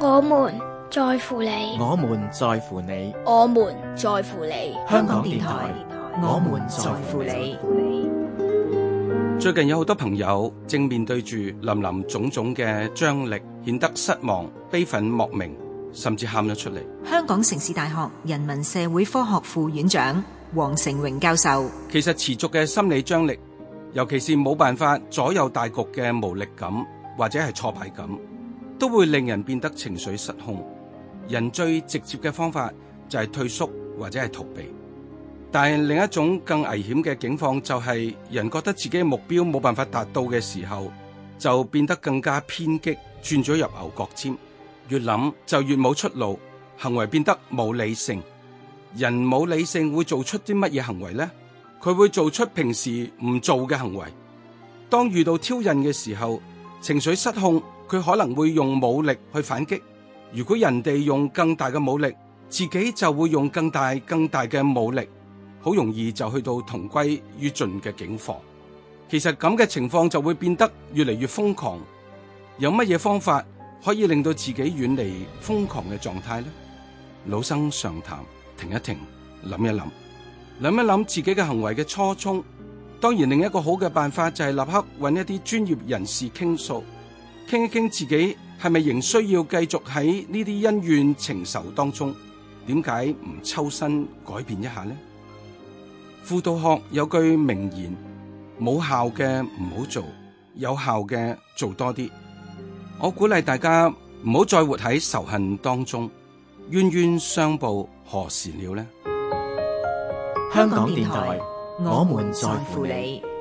我們在乎你，我們在乎你，我們在乎你。香港電台我們在乎你。最近有好多朋友正面對住林林種種嘅張力，顯得失望、悲憤莫名，甚至喊咗出嚟。香港城市大學人文社會科學副院長黃成榮教授，其實持續嘅心理張力，尤其是冇辦法左右大局嘅無力感，或者係挫敗感。都會令人變得情緒失控。人最直接嘅方法就係退縮或者係逃避。但另一種更危險嘅境況就係人覺得自己的目標冇辦法達到嘅時候，就變得更加偏激，轉咗入牛角尖。越諗就越冇出路，行為變得冇理性。人冇理性會做出啲乜嘢行為呢？佢會做出平時唔做嘅行為。當遇到挑釁嘅時候，情緒失控。佢可能會用武力去反擊，如果人哋用更大嘅武力，自己就會用更大更大嘅武力，好容易就去到同歸於盡嘅境況。其實咁嘅情況就會變得越嚟越瘋狂。有乜嘢方法可以令到自己遠離瘋狂嘅狀態呢？老生常談，停一停，諗一諗，諗一諗自己嘅行為嘅初衷。當然，另一個好嘅辦法就係立刻搵一啲專業人士傾訴。傾一傾自己係咪仍需要繼續喺呢啲恩怨情仇當中？點解唔抽身改變一下呢？輔導學有句名言：冇效嘅唔好做，有效嘅做多啲。我鼓勵大家唔好再活喺仇恨當中，冤冤相報何時了呢？香港電台，我們在乎你。